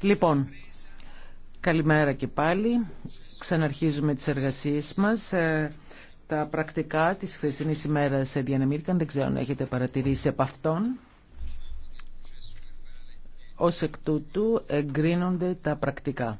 Λοιπόν, καλημέρα και πάλι. Ξαναρχίζουμε τις εργασίες μας. Ε, τα πρακτικά της χθεσινής ημέρας διανεμήθηκαν. Δεν ξέρω αν έχετε παρατηρήσει από αυτόν. Ως εκ τούτου εγκρίνονται τα πρακτικά.